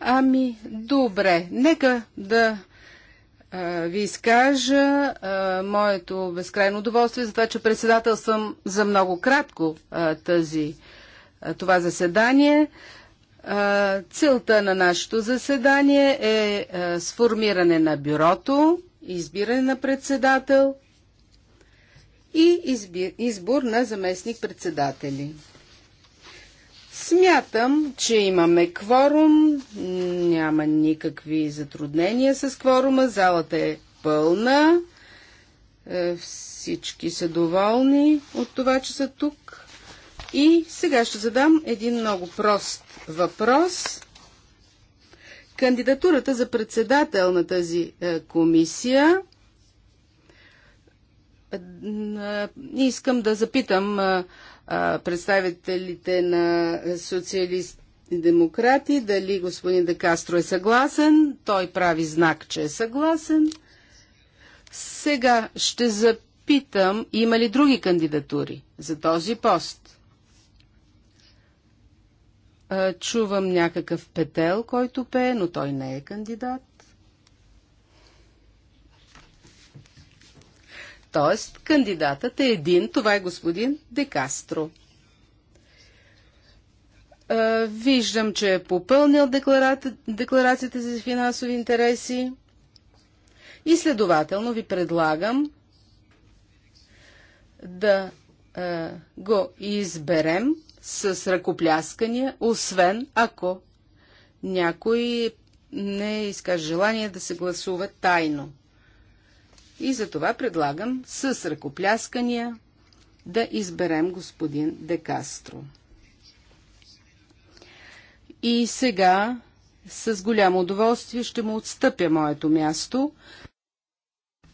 Ами, добре, нека да ви изкажа моето безкрайно удоволствие за това, че председател съм за много кратко тази, това заседание. Целта на нашето заседание е сформиране на бюрото, избиране на председател и избор на заместник председатели. Смятам, че имаме кворум, няма никакви затруднения с кворума, залата е пълна, е, всички са доволни от това, че са тук. И сега ще задам един много прост въпрос. Кандидатурата за председател на тази е, комисия е, искам да запитам представителите на социалисти и демократи, дали господин Декастро е съгласен. Той прави знак, че е съгласен. Сега ще запитам, има ли други кандидатури за този пост? Чувам някакъв петел, който пее, но той не е кандидат. Т.е. кандидатът е един, това е господин Декастро. Виждам, че е попълнил декларацията за финансови интереси и следователно ви предлагам да го изберем с ръкопляскания, освен ако някой не изкаже желание да се гласува тайно. И за това предлагам с ръкопляскания да изберем господин Декастро. И сега с голямо удоволствие ще му отстъпя моето място.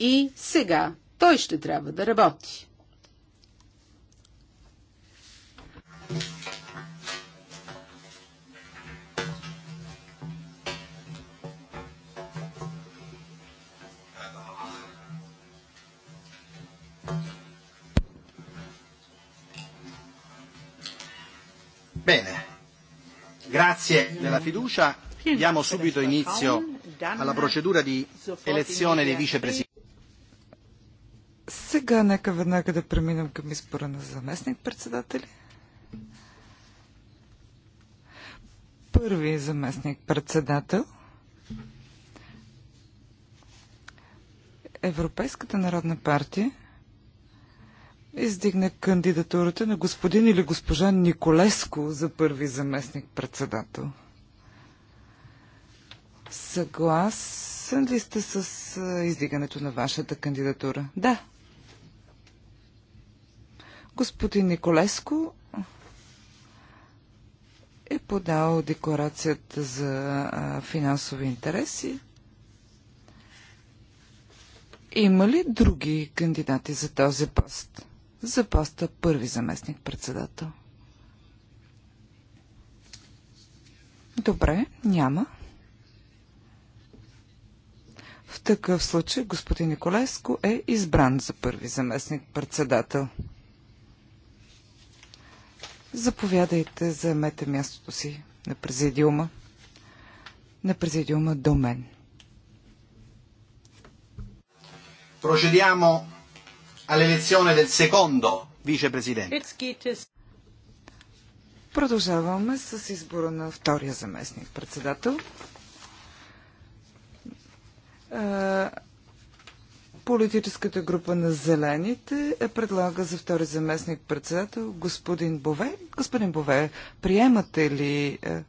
И сега той ще трябва да работи. Thank you. Grazie della fiducia. Diamo subito inizio alla procedura di elezione dei vicepresidenti. Сега нека веднага да преминем към избора на заместник-председатели. Първи заместник-председател Европейската народна партия издигне кандидатурата на господин или госпожа Николеско за първи заместник председател. Съгласен ли сте с издигането на вашата кандидатура? Да. Господин Николеско е подал декларацията за финансови интереси. Има ли други кандидати за този пост? за поста първи заместник председател. Добре, няма. В такъв случай господин Николеско е избран за първи заместник председател. Заповядайте, заемете мястото си на президиума. На президиума до мен. Procediamo all'elezione del secondo vicepresidente. Продължаваме с избора на втория заместник председател. Е, политическата група на Зелените предлага за втори заместник председател господин Бове. Господин Бове, приемате ли е,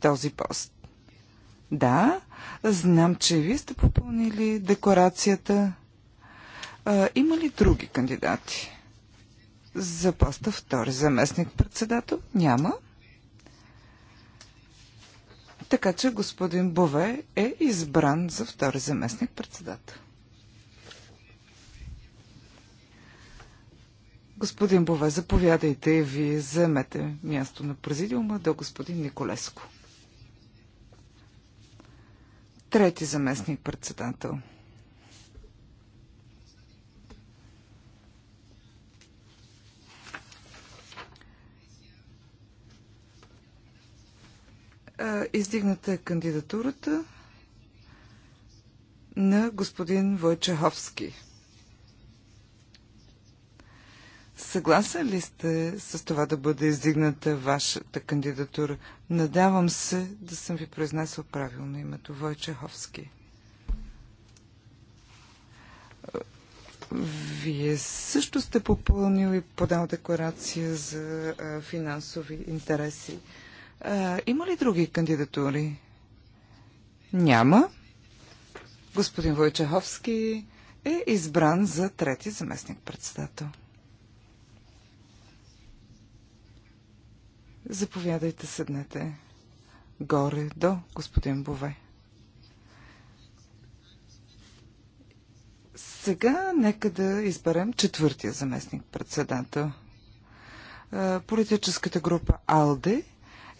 този пост? Да, знам, че вие сте попълнили декларацията. А, има ли други кандидати за поста втори заместник председател? Няма. Така че господин Бове е избран за втори заместник председател. Господин Бове, заповядайте и ви вземете място на президиума до господин Николеско. Трети заместник председател. издигната е кандидатурата на господин Войчеховски. Съгласен ли сте с това да бъде издигната вашата кандидатура? Надявам се да съм ви произнесъл правилно името Войчеховски. Вие също сте попълнили подал декларация за финансови интереси. А, има ли други кандидатури? Няма. Господин Войчаховски е избран за трети заместник-председател. Заповядайте, седнете горе до господин Бове. Сега нека да изберем четвъртия заместник-председател. Политическата група АЛДЕ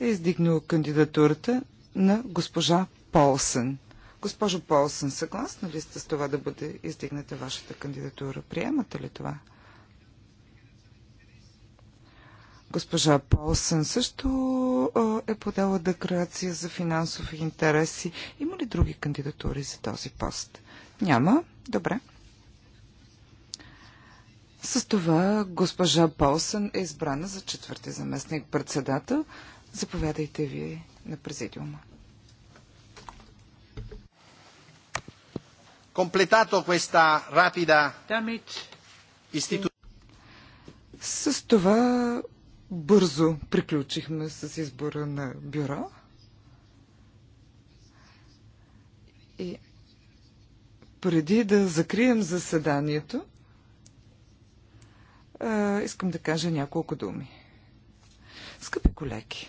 е издигнал кандидатурата на госпожа Полсън. Госпожо Полсън, съгласна ли сте с това да бъде издигната вашата кандидатура? Приемате ли това? Госпожа Полсън също е подала декларация за финансови интереси. Има ли други кандидатури за този пост? Няма. Добре. С това госпожа Полсън е избрана за четвърти заместник председател. Заповядайте ви на президиума. Комплетато questa rapida istituzione. С това бързо приключихме с избора на бюро. И преди да закрием заседанието, искам да кажа няколко думи. Скъпи колеги,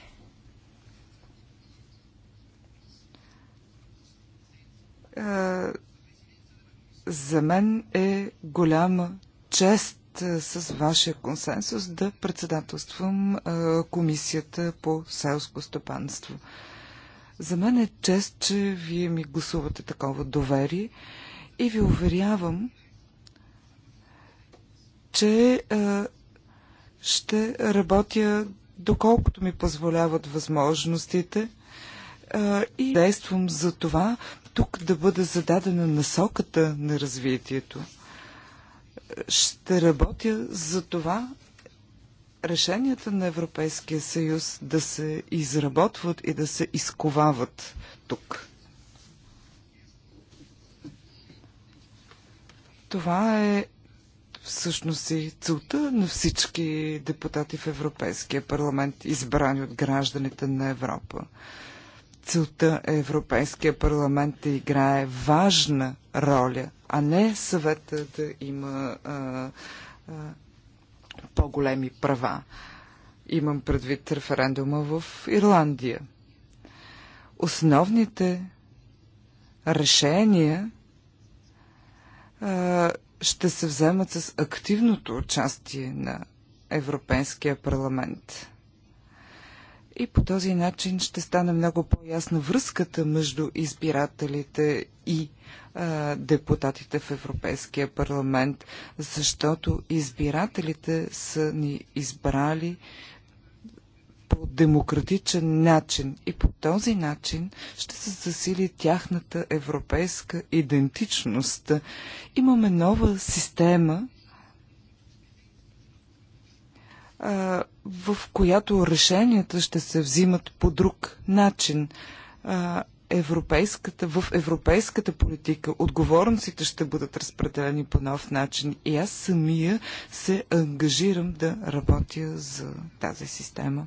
за мен е голяма чест с вашия консенсус да председателствам комисията по селско стопанство. За мен е чест, че вие ми гласувате такова доверие и ви уверявам, че ще работя доколкото ми позволяват възможностите и действам за това тук да бъде зададена насоката на развитието. Ще работя за това решенията на Европейския съюз да се изработват и да се изковават тук. Това е всъщност и целта на всички депутати в Европейския парламент, избрани от гражданите на Европа целта е Европейския парламент да играе важна роля, а не съвета да има по-големи права. Имам предвид референдума в Ирландия. Основните решения а, ще се вземат с активното участие на Европейския парламент. И по този начин ще стане много по-ясна връзката между избирателите и а, депутатите в Европейския парламент, защото избирателите са ни избрали по демократичен начин и по този начин ще се засили тяхната европейска идентичност. Имаме нова система в която решенията ще се взимат по друг начин. Европейската, в европейската политика отговорностите ще бъдат разпределени по нов начин и аз самия се ангажирам да работя за тази система.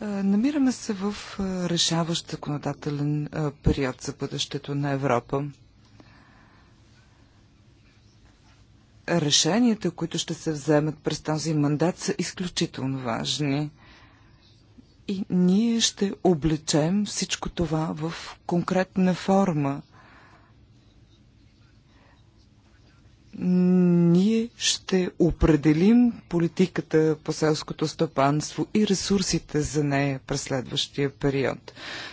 Намираме се в решаващ законодателен период за бъдещето на Европа. решенията, които ще се вземат през този мандат, са изключително важни. И ние ще облечем всичко това в конкретна форма. Ние ще определим политиката по селското стопанство и ресурсите за нея през следващия период.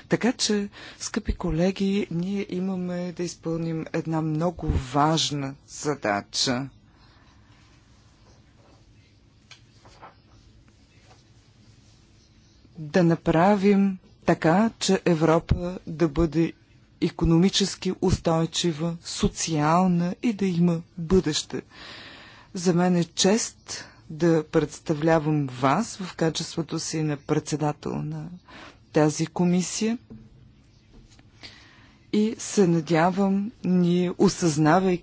Така че, скъпи колеги, ние имаме да изпълним една много важна задача. да направим така, че Европа да бъде економически устойчива, социална и да има бъдеще. За мен е чест да представлявам вас в качеството си на председател на тази комисия и се надявам, ние осъзнавайки